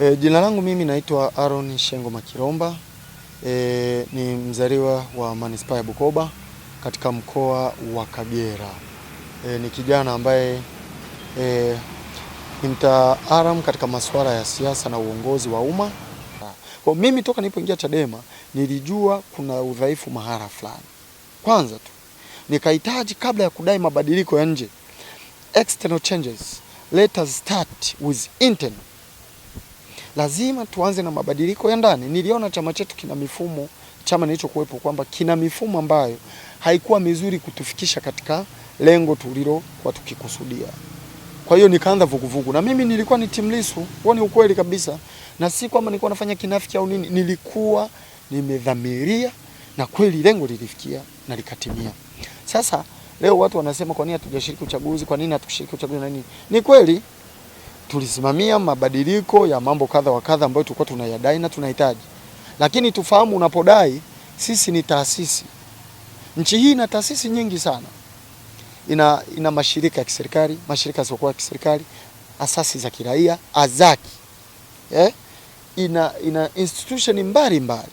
E, jina langu mimi naitwa Aaron Shengo Makiromba. E, ni mzaliwa wa Manispaa ya Bukoba katika mkoa wa Kagera. E, ni kijana ambaye e, ni mtaalamu katika masuala ya siasa na uongozi wa umma. Kwa mimi toka nilipoingia Chadema nilijua kuna udhaifu mahala fulani. Kwanza tu nikahitaji kabla ya kudai mabadiliko ya nje, external changes let us start with internal lazima tuanze na mabadiliko ya ndani. Niliona chama chetu kina mifumo, chama nilichokuwepo, kwamba kina mifumo ambayo haikuwa mizuri kutufikisha katika lengo tulilo kwa tukikusudia. Kwa hiyo nikaanza vuguvugu, na mimi nilikuwa ni Tundu Lissu, huo ni ukweli kabisa, na si kwamba nilikuwa nafanya kinafiki au nini, nilikuwa nimedhamiria na kweli lengo lilifikia na likatimia. Sasa leo watu wanasema kwa nini hatujashiriki uchaguzi, kwa nini hatukushiriki uchaguzi na nini? Ni kweli tulisimamia mabadiliko ya mambo kadha wa kadha ambayo tulikuwa tunayadai na tunahitaji, lakini tufahamu, unapodai, sisi ni taasisi. Nchi hii ina taasisi nyingi sana, ina, ina mashirika ya kiserikali, mashirika yasiyokuwa ya kiserikali, asasi za kiraia, azaki eh? ina, ina institution mbalimbali mbali.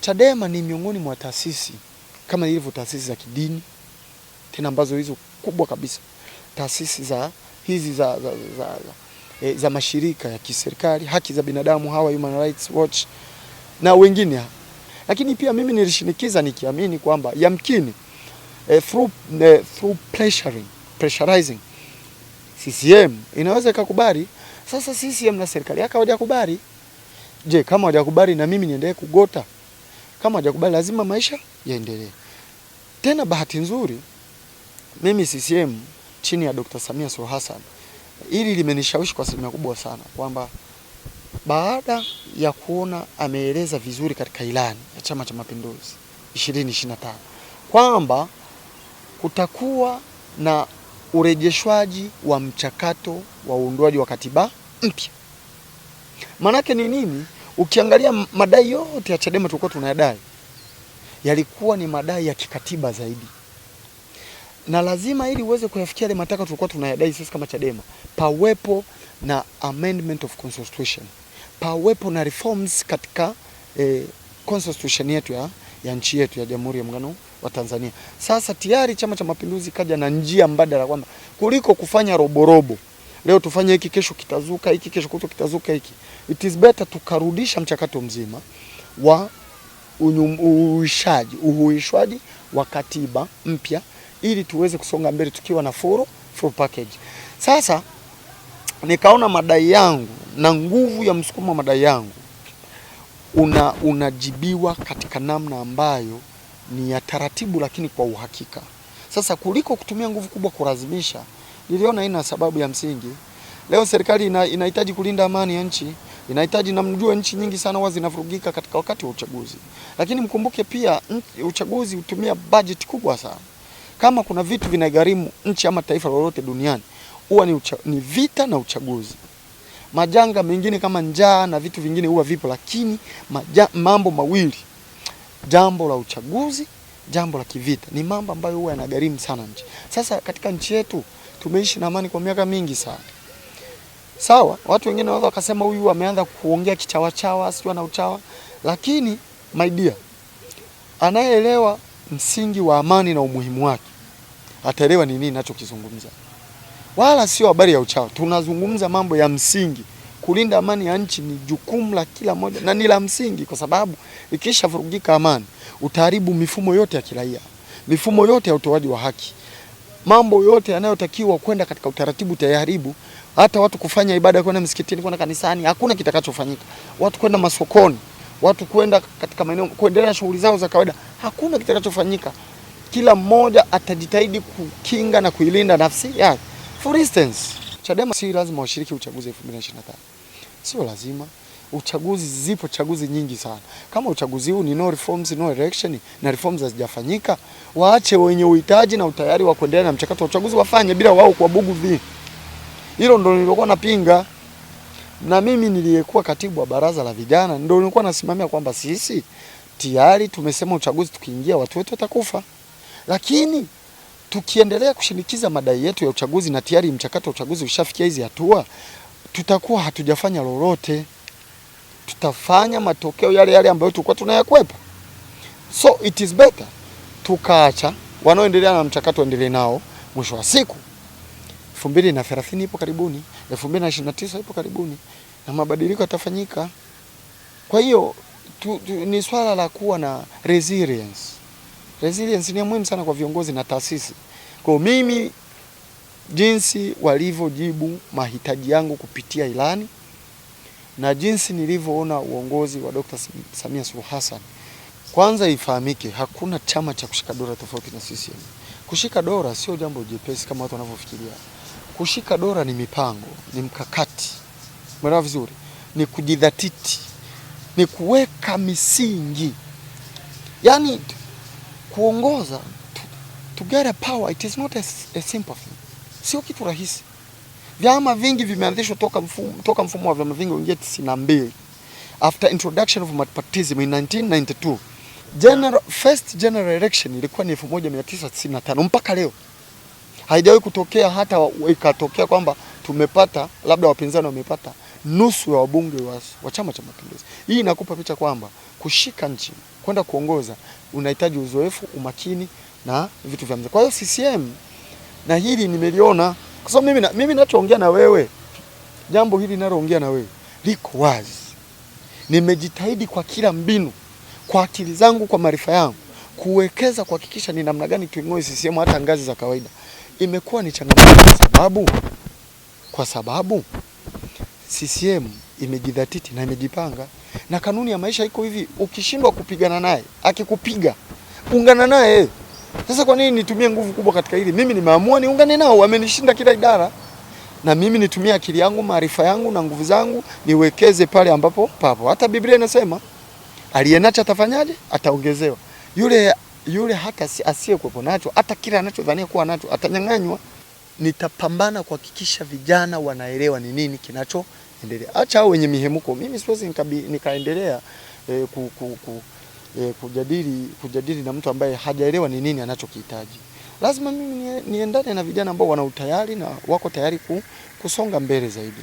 Chadema ni miongoni mwa taasisi kama ilivyo taasisi za kidini tena ambazo hizo kubwa kabisa taasisi za hizi za, za, za, za, za e, za mashirika ya kiserikali, haki za binadamu hawa Human Rights Watch na wengine. Lakini pia mimi nilishinikiza nikiamini kwamba yamkini e, through, e, through pressuring, pressurizing CCM inaweza ikakubali. Sasa CCM na serikali yake hawajakubali. Je, kama hawajakubali na mimi niendelee kugota? Kama hawajakubali lazima maisha yaendelee. Tena bahati nzuri mimi CCM chini ya Dr. Samia Suluhu Hassan hili limenishawishi kwa asilimia kubwa sana kwamba baada ya kuona ameeleza vizuri katika ilani ya Chama cha Mapinduzi 2025 kwamba kutakuwa na urejeshwaji wa mchakato wa uundwaji wa katiba mpya. Maanake ni nini? Ukiangalia madai yote ya Chadema tulikuwa tunayadai yalikuwa ni madai ya kikatiba zaidi na lazima ili uweze kuyafikia yale mataka tulikuwa tunayadai sisi kama Chadema, pawepo na amendment of constitution, pawepo na reforms katika eh, constitution yetu ya, ya nchi yetu ya Jamhuri ya Muungano wa Tanzania. Sasa tayari Chama cha Mapinduzi kaja na njia mbadala kwamba kuliko kufanya roborobo leo tufanye hiki, kesho kitazuka hiki, kesho kuto kitazuka hiki, it is better tukarudisha mchakato mzima wa uhuishwaji wa katiba mpya ili tuweze kusonga mbele tukiwa na full, full package. Sasa nikaona madai yangu na nguvu ya msukumo wa madai yangu una unajibiwa katika namna ambayo ni ya taratibu, lakini kwa uhakika. Sasa kuliko kutumia nguvu kubwa kulazimisha, niliona ina sababu ya msingi. Leo serikali ina, inahitaji kulinda amani ya nchi, inahitaji na mjue, nchi nyingi sana huwa zinavurugika katika wakati wa uchaguzi, lakini mkumbuke pia uchaguzi hutumia bajeti kubwa sana. Kama kuna vitu vinagharimu nchi ama taifa lolote duniani huwa ni, ni vita na uchaguzi. Majanga mengine kama njaa na vitu vingine huwa vipo, lakini maja, mambo mawili, jambo la uchaguzi, jambo la kivita, ni mambo ambayo huwa yanagharimu sana nchi. Sasa katika nchi yetu tumeishi na amani kwa miaka mingi sana. Sawa, watu wengine wanaweza wakasema huyu ameanza kuongea kichawachawa, sio na uchawa, lakini my dear, anayeelewa msingi wa amani na umuhimu wake ataelewa ni nini ninachokizungumza. wala sio habari ya uchawi. Tunazungumza mambo ya msingi. Kulinda amani ya nchi ni jukumu la kila mmoja na ni la msingi, kwa sababu ikisha vurugika amani, utaharibu mifumo yote ya kiraia, mifumo yote ya utoaji wa haki, mambo yote yanayotakiwa kwenda katika utaratibu tayaribu. Hata watu kufanya ibada, kwenda msikitini, kwenda kanisani, hakuna kitakachofanyika. Watu kwenda masokoni, watu kwenda katika maeneo, kuendelea shughuli zao za kawaida, hakuna kitakachofanyika kila mmoja atajitahidi kukinga na kuilinda nafsi yake. For instance, Chadema si lazima washiriki uchaguzi 2025. Sio lazima. Uchaguzi zipo chaguzi nyingi sana. Kama uchaguzi huu ni no reforms, no election na reforms hazijafanyika, waache wenye uhitaji na utayari wa kuendelea na mchakato wa uchaguzi wafanye bila wao kuwabugu vi. Hilo ndio nilikuwa napinga. Na mimi niliyekuwa katibu wa baraza la vijana ndio nilikuwa nasimamia kwamba sisi tayari tumesema uchaguzi tukiingia watu wetu watakufa. Lakini tukiendelea kushinikiza madai yetu ya uchaguzi na tayari mchakato wa uchaguzi ushafikia hizi hatua, tutakuwa hatujafanya lolote, tutafanya matokeo yale yale ambayo tulikuwa tunayakwepa. So it is better tukaacha wanaoendelea na mchakato endelee nao. Mwisho wa siku 2030 ipo karibuni, 2029 ipo karibuni na mabadiliko yatafanyika. Kwa hiyo tu, tu, ni swala la kuwa na resilience. Resilience ni muhimu sana kwa viongozi na taasisi. Kwa mimi jinsi walivyojibu mahitaji yangu kupitia ilani na jinsi nilivyoona uongozi wa Dr. Samia Suluhu Hassan. Kwanza ifahamike, hakuna chama cha kushika dola tofauti na CCM. Kushika dola sio jambo jepesi kama watu wanavyofikiria. Kushika dola ni mipango, ni mkakati, mwelewa vizuri, ni kujidhatiti, ni kuweka misingi, yaani kuongoza to, get a power it is not a, a simple thing, sio kitu rahisi. Vyama vingi vimeanzishwa toka mfumo, toka mfumo wa vyama vingi uingia 92 after introduction of multipartism in 1992 general, first general election ilikuwa ni 1995 mpaka leo haijawahi kutokea hata ikatokea kwamba tumepata labda wapinzani wamepata nusu ya wabunge wa, wa Chama cha Mapinduzi. Hii inakupa picha kwamba kushika nchi kwenda kuongoza unahitaji uzoefu, umakini na vitu vya mzee. Kwa hiyo CCM na hili nimeliona kwa sababu mimi na, mimi ninachoongea na wewe, jambo hili ninaloongea na wewe liko wazi. Nimejitahidi kwa kila mbinu, kwa akili zangu, kwa maarifa yangu kuwekeza kuhakikisha ni namna gani tuing'oe CCM hata ngazi za kawaida. Imekuwa ni changamoto kwa sababu kwa sababu CCM imejidhatiti na imejipanga na kanuni ya maisha iko hivi, ukishindwa kupigana naye, akikupiga ungana naye. Sasa kwa nini nitumie nguvu kubwa katika hili? Mimi nimeamua niungane nao, wamenishinda kila idara, na mimi nitumie akili yangu, maarifa yangu na nguvu zangu niwekeze pale ambapo papo. Hata Biblia inasema aliyenacho atafanyaje? Ataongezewa. Yule yule hata asiyekuwepo nacho, hata kile anachodhania kuwa nacho atanyang'anywa. Nitapambana kuhakikisha vijana wanaelewa ni nini kinacho endelea, acha hao wenye mihemko. Mimi siwezi nikaendelea eh, ku, ku, ku, eh, kujadili kujadili na mtu ambaye hajaelewa ni nini anachokihitaji. Lazima mimi niendane na vijana ambao wana utayari na wako tayari ku, kusonga mbele zaidi.